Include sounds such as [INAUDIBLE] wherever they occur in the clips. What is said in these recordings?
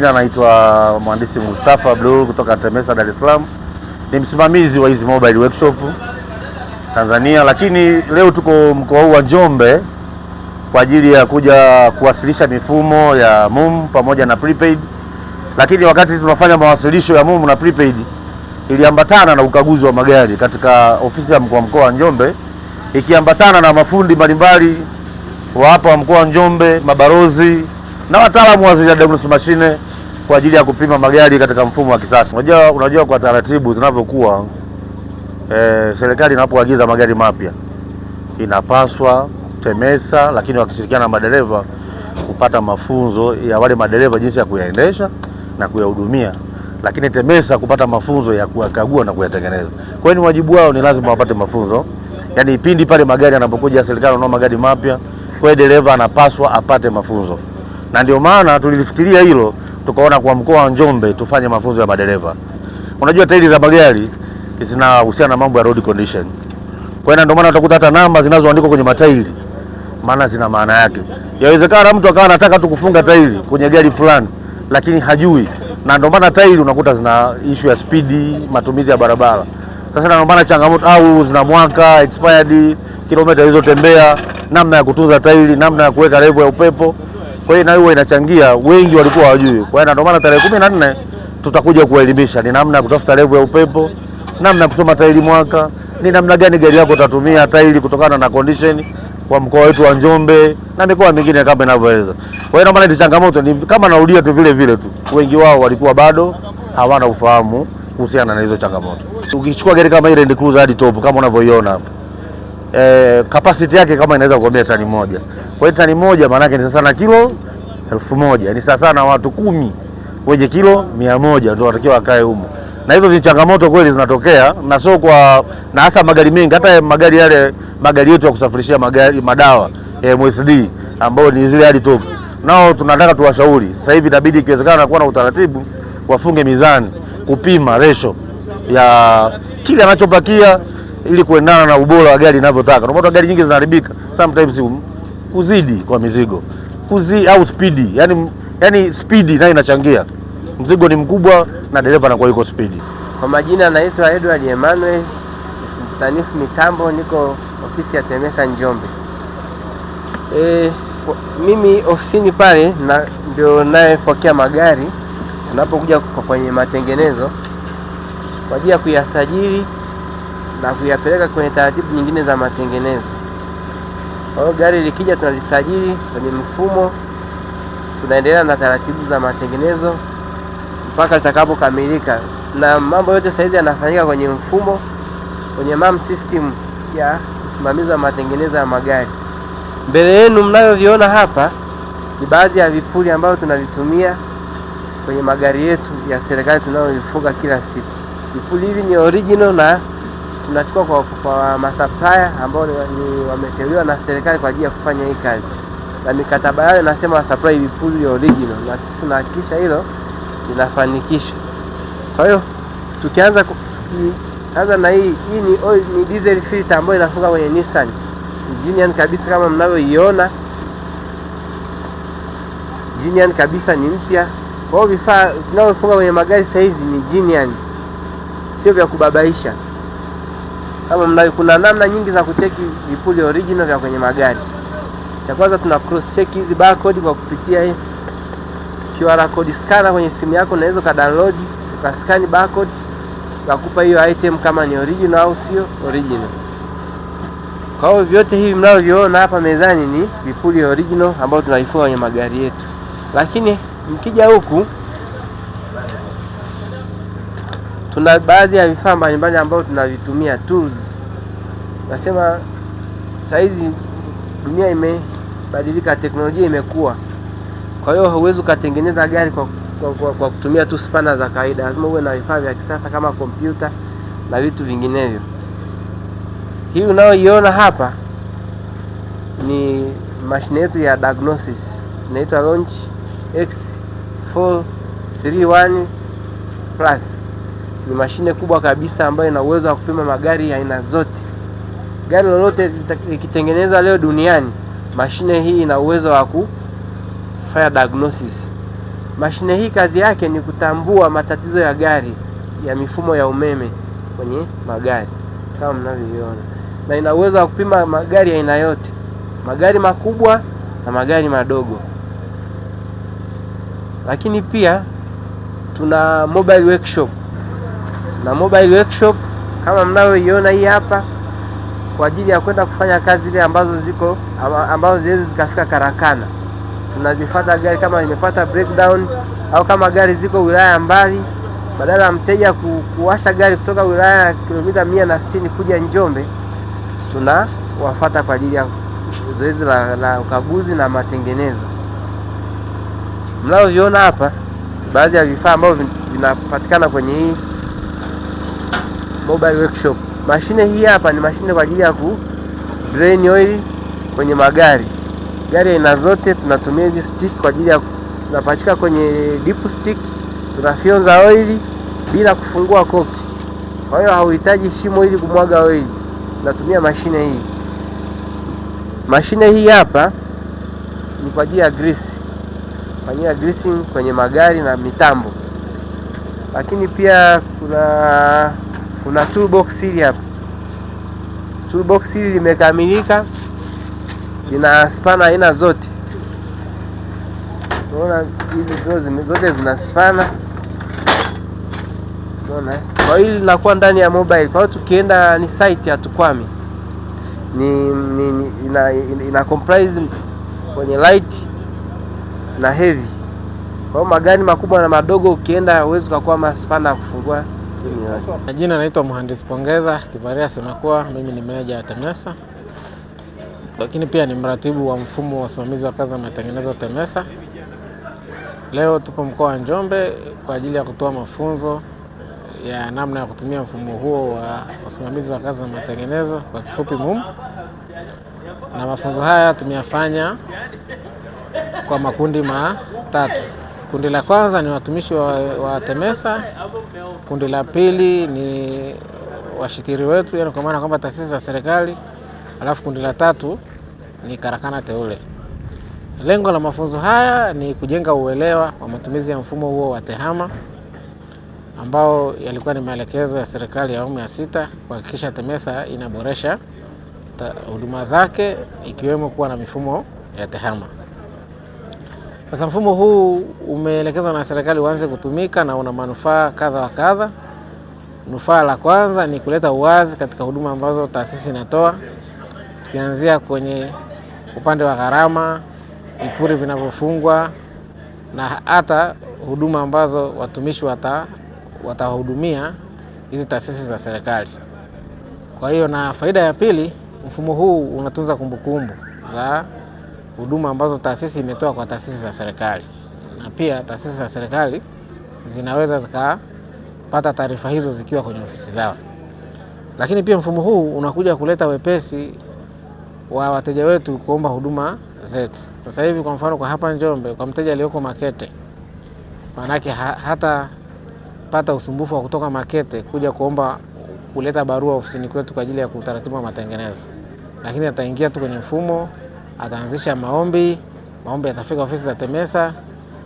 Jina naitwa mhandisi Mustafa Blue kutoka Temesa, Dar es Salaam. Ni msimamizi wa hizi mobile workshop Tanzania, lakini leo tuko mkoa huu wa Njombe kwa ajili ya kuja kuwasilisha mifumo ya MUM pamoja na prepaid. Lakini wakati tunafanya mawasilisho ya MUM na prepaid, iliambatana na ukaguzi wa magari katika ofisi ya mkuu wa mkoa wa Njombe, ikiambatana na mafundi mbalimbali wa hapa wa mkoa wa Njombe, mabalozi na wataalamu wa diagnosis mashine kwa ajili ya kupima magari katika mfumo wa kisasa. Unajua, unajua kwa taratibu zinavyokuwa e, serikali inapoagiza magari mapya inapaswa TEMESA, lakini wakishirikiana na madereva kupata mafunzo ya wale madereva jinsi ya kuyaendesha na kuyahudumia, lakini TEMESA kupata mafunzo ya kuyakagua na kuyatengeneza. Kwa hiyo ni wajibu wao, ni lazima wapate mafunzo, yaani pindi pale magari yanapokuja serikali, unao magari mapya, kwa hiyo dereva anapaswa apate mafunzo na ndio maana tulilifikiria hilo, tukaona kwa mkoa wa Njombe tufanye mafunzo ya madereva. Unajua tairi za magari zinahusiana na mambo ya road condition, kwa hiyo ndio maana utakuta hata namba zinazoandikwa kwenye matairi maana zina maana yake. Yawezekana mtu akawa anataka tu kufunga tairi kwenye gari fulani, lakini hajui, na ndio maana tairi unakuta zina issue ya speed, matumizi ya barabara. Sasa ndio maana changamoto au zina mwaka expired, kilomita zilizotembea, namna ya kutunza tairi, namna ya kuweka level ya upepo kwa hiyo nayo inachangia, wengi walikuwa hawajui. Kwa hiyo ndio maana tarehe kumi na nne tutakuja kuwaelimisha ni namna ya kutafuta levu ya upepo, namna ya kusoma tairi mwaka, ni namna gani gari yako utatumia tairi kutokana na condition kwa mkoa wetu wa Njombe na mikoa mingine kama inavyoweza. Kwa hiyo maana ni changamoto, ni kama naulia tu vile vile tu, wengi wao walikuwa bado hawana ufahamu kuhusiana na hizo changamoto. Ukichukua gari kama ile Land Cruiser hadi top kama unavyoiona hapa eh, capacity yake kama inaweza kugombea tani moja. Kwa hiyo tani moja maana yake ni sasa na kilo elfu moja ni sasa na watu kumi wenye kilo mia moja ndio watakiwa wakae humo, na hizo ni changamoto kweli zinatokea, na sio kwa na hasa magari mengi, hata magari yale magari yetu ya kusafirishia magari madawa MSD ambao ni zile hadi top, nao tunataka tuwashauri sasa hivi inabidi ikiwezekana kuwa na utaratibu, wafunge mizani kupima resho ya kile anachopakia ili kuendana na ubora wa gari ninavyotaka. Unapata gari nyingi zinaharibika sometimes, um, kuzidi kwa mizigo kuzi au spidi, yani yani spidi nayo inachangia, mzigo ni mkubwa na dereva anakuwa yuko spidi. Kwa majina anaitwa Edward Emmanuel, msanifu mitambo, niko ofisi ya TEMESA Njombe. E, mimi ofisini pale na ndio nayepokea magari tunapokuja kwenye matengenezo kwa ajili ya kuyasajili na kuyapeleka kwenye taratibu nyingine za matengenezo. Kwa hiyo gari likija, tunalisajili kwenye mfumo, tunaendelea na taratibu za matengenezo mpaka litakapokamilika, na mambo yote sasa yanafanyika kwenye mfumo, kwenye MAM system ya usimamizi wa matengenezo ya magari. Mbele yenu mnayoviona hapa ni baadhi ya vipuri ambavyo tunavitumia kwenye magari yetu ya serikali tunayoifuga kila siku. Vipuri hivi ni original na tunachukua kwa, kwa masupplier ambao ni, ni wameteuliwa na serikali kwa ajili ya kufanya hii kazi, na mikataba yao inasema wasupply vipuri original, na sisi tunahakikisha hilo linafanikisha. Kwa hiyo tukianza tukianza na hii hii ni, oil, ni diesel filter ambayo inafunga kwenye Nissan Jinian kabisa, kama mnavyoiona Jinian kabisa ni mpya. Kwa hiyo vifaa vinavyofunga kwenye magari sasa hizi ni Jinian, sio vya kubabaisha kama mna, kuna namna nyingi za kucheki vipuli original vya kwenye magari. Cha kwanza tuna cross check hizi barcode kwa kupitia QR code scanner kwenye simu yako, unaweza ka download ukaskani barcode nakupa hiyo item kama ni original au sio original. Kwa hiyo vyote hivi mnavyoona hapa mezani ni vipuli original ambayo tunaifua kwenye magari yetu, lakini mkija huku tuna baadhi ya vifaa mbalimbali ambayo tunavitumia tools. Nasema saa hizi dunia imebadilika, teknolojia imekuwa. Kwa hiyo hauwezi ukatengeneza gari kwa, kwa, kwa, kwa kutumia tu spana za kawaida, lazima uwe na vifaa vya kisasa kama kompyuta na vitu vinginevyo. Hii unayoiona hapa ni mashine yetu ya diagnosis inaitwa Launch X431 Plus ni mashine kubwa kabisa ambayo ina uwezo wa kupima magari aina zote. Gari lolote likitengenezwa leo duniani, mashine hii ina uwezo wa kufanya diagnosis. Mashine hii kazi yake ni kutambua matatizo ya gari ya mifumo ya umeme kwenye magari kama mnavyoiona, na ina uwezo wa kupima magari aina yote, magari makubwa na magari madogo. Lakini pia tuna mobile workshop na mobile workshop kama mnavyoiona hii hapa, kwa ajili ya kwenda kufanya kazi ile ambazo ziko ambazo ziwezi zikafika karakana. Tunazifata gari kama imepata breakdown au kama gari ziko wilaya mbali, badala ya mteja ku, kuwasha gari kutoka wilaya ya kilomita mia na sitini kuja Njombe, wafata kwa ajili ya zoezi la, la ukaguzi na matengenezo. Mnavyoviona hapa baadhi ya vifaa ambavyo vinapatikana kwenye hii mobile workshop. Mashine hii hapa ni mashine kwa ajili ya ku drain oil kwenye magari. Gari aina zote tunatumia hizi stick kwa ajili ya tunapachika kwenye deep stick, tunafyonza oili bila kufungua koki. Kwa hiyo hauhitaji shimo ili kumwaga oil, tunatumia mashine hii. Mashine hii hapa ni kwa ajili ya grease, fanyia greasing kwenye magari na mitambo, lakini pia kuna kuna toolbox hili hapa. Toolbox hili limekamilika, lina spana aina zote. Unaona hizi droo zote zina spana. Unaona, eh? kwa hiyo linakuwa ndani ya mobile, kwa hiyo tukienda ni site hatukwami, ni, ni, ni ina, ina comprise kwenye light na heavy. Kwa hiyo magari makubwa na madogo ukienda, huwezi ukakwama spana ya kufungua Jina naitwa Mhandisi Pongeza Kivaria Semekua, mimi ni meneja wa TEMESA, lakini pia ni mratibu wa mfumo wa usimamizi wa kazi na matengenezo TEMESA. Leo tupo mkoa wa Njombe kwa ajili ya kutoa mafunzo ya namna ya kutumia mfumo huo wa usimamizi wa kazi na matengenezo kwa kifupi MUM, na mafunzo haya tumeyafanya kwa makundi matatu. Kundi la kwanza ni watumishi wa, wa TEMESA. Kundi la pili ni washitiri wetu, yani kwa maana kwamba taasisi za serikali, alafu kundi la tatu ni karakana teule. Lengo la mafunzo haya ni kujenga uelewa wa matumizi ya mfumo huo wa TEHAMA ambao yalikuwa ni maelekezo ya serikali ya awamu ya sita kuhakikisha TEMESA inaboresha huduma zake ikiwemo kuwa na mifumo ya TEHAMA. Sasa mfumo huu umeelekezwa na serikali uanze kutumika na una manufaa kadha wa kadha. Nufaa la kwanza ni kuleta uwazi katika huduma ambazo taasisi inatoa, tukianzia kwenye upande wa gharama, vipuri vinavyofungwa na hata huduma ambazo watumishi watahudumia hizi taasisi za serikali. Kwa hiyo, na faida ya pili, mfumo huu unatunza kumbukumbu za huduma ambazo taasisi imetoa kwa taasisi za serikali, na pia taasisi za serikali zinaweza zikapata taarifa hizo zikiwa kwenye ofisi zao. Lakini pia mfumo huu unakuja kuleta wepesi wa wateja wetu kuomba huduma zetu. Sasa hivi kwa mfano, kwa hapa Njombe, kwa mteja aliyoko Makete, maanake hatapata usumbufu wa kutoka Makete kuja kuomba kuleta barua ofisini kwetu kwa ajili ya utaratibu wa matengenezo, lakini ataingia tu kwenye mfumo ataanzisha maombi, maombi atafika ofisi za TEMESA,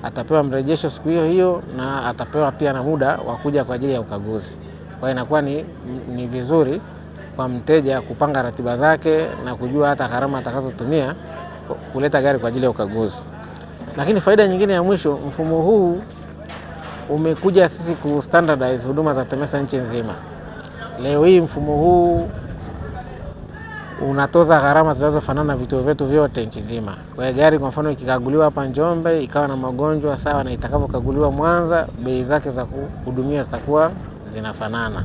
atapewa mrejesho siku hiyo hiyo na atapewa pia na muda wa kuja kwa ajili ya ukaguzi. Kwa hiyo inakuwa ni, ni vizuri kwa mteja kupanga ratiba zake na kujua hata gharama atakazotumia kuleta gari kwa ajili ya ukaguzi. Lakini faida nyingine ya mwisho, mfumo huu umekuja sisi ku standardize huduma za TEMESA nchi nzima. Leo hii mfumo huu unatoza gharama zinazofanana na vituo vyetu vyote nchi nzima. Kwa hiyo gari kwa mfano ikikaguliwa hapa Njombe ikawa na magonjwa sawa na itakavyokaguliwa Mwanza, bei zake za kuhudumia zitakuwa zinafanana.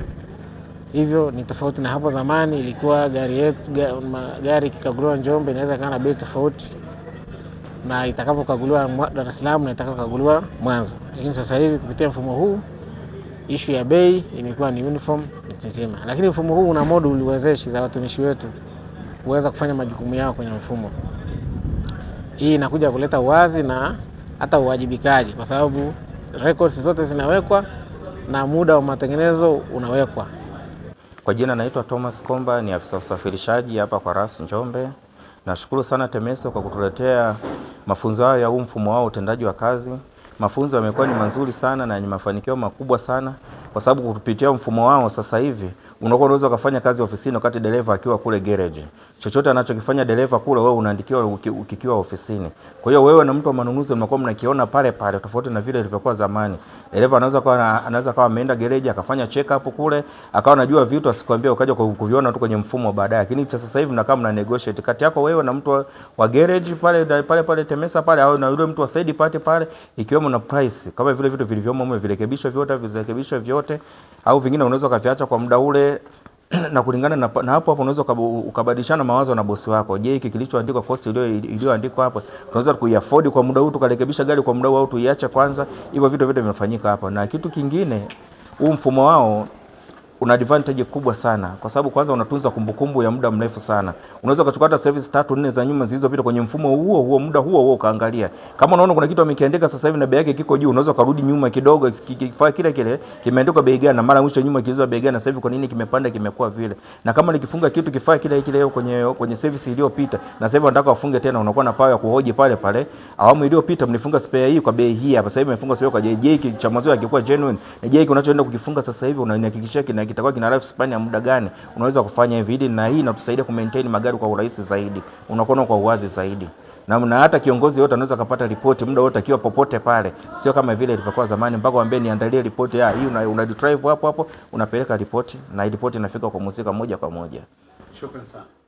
Hivyo ni tofauti na hapo zamani, ilikuwa gari yetu gari ikikaguliwa Njombe inaweza ikawa na bei tofauti na itakavyokaguliwa Dar es Salaam na itakavyokaguliwa Mwanza. Lakini sasa hivi kupitia mfumo huu ishu ya bei imekuwa ni uniform nchi nzima, lakini mfumo huu una moduli wezeshi za watumishi wetu kuweza kufanya majukumu yao kwenye mfumo. Hii inakuja kuleta uwazi na hata uwajibikaji, kwa sababu records zote zinawekwa na muda wa matengenezo unawekwa. Kwa jina naitwa Thomas Komba, ni afisa usafirishaji hapa kwa RAS Njombe. Nashukuru sana TEMESO kwa kutuletea mafunzo hayo ya huu mfumo wao utendaji wa kazi. Mafunzo yamekuwa ni mazuri sana na yenye mafanikio makubwa sana, kwa sababu kupitia mfumo wao sasa hivi unakuwa unaweza ukafanya kazi ofisini wakati dereva akiwa kule garage. Chochote anachokifanya dereva kule, wewe unaandikiwa ukikiwa ofisini. Kwa hiyo wewe na mtu wa manunuzi mnakuwa mnakiona pale pale, tofauti na vile ilivyokuwa zamani. Dereva anaweza kuwa anaweza kuwa ameenda garage akafanya check up kule, akawa anajua vitu asikwambie, ukaja kuviona tu kwenye mfumo baadaye. Lakini cha sasa hivi mnakaa mna negotiate kati yako wewe na mtu wa garage pale pale pale, Temesa pale au na yule mtu wa third party pale, ikiwemo na price, kama vile vitu vilivyomo virekebishwa vyote virekebishwa vyote au vingine unaweza ukaviacha kwa muda ule [CLEARS THROAT] na kulingana na, na hapo hapo unaweza ukabadilishana mawazo na bosi wako. Je, hiki kilichoandikwa cost ile iliyoandikwa hapo tunaweza kuiafford kwa muda huu tukarekebisha gari kwa muda huu au tuiache kwanza? Hivyo vitu vyote vinafanyika hapo na kitu kingine huu mfumo wao una advantage kubwa sana kwa sababu kwanza unatunza kumbukumbu ya muda mrefu sana. Unaweza kuchukua hata service tatu nne za nyuma zilizopita kwenye mfumo huo huo muda huo huo ukaangalia. Kama unaona kuna kitu amekiandika sasa hivi na bei yake kiko juu, unaweza ukarudi nyuma kidogo, kifaa kile kile kimeandikwa bei gani na mara mwisho nyuma kilizoa bei gani na sasa hivi kwa nini kimepanda kimekuwa vile. Na kama nikifunga kitu kifaa kile kile kwenye kwenye service iliyopita na sasa hivi nataka afunge tena, unakuwa na pawa ya kuhoji pale pale. Awamu iliyopita mlifunga spare hii kwa bei hii hapa, sasa hivi mmefunga spare kwa JJ cha mwanzo hakikuwa genuine. Na JJ unachoenda kukifunga sasa hivi unahakikisha kina kitakuwa kina life span ya muda gani, unaweza kufanya hivi hili na hii, inatusaidia kumaintain magari kwa urahisi zaidi, unakuona kwa uwazi zaidi na, mna hata kiongozi yote anaweza kupata ripoti muda wote akiwa popote pale, sio kama vile ilivyokuwa zamani mpaka waambie niandalie ripoti ya hii, una, una drive hapo hapo unapeleka ripoti na ripoti inafika kwa muzika moja kwa moja. Shukrani sana.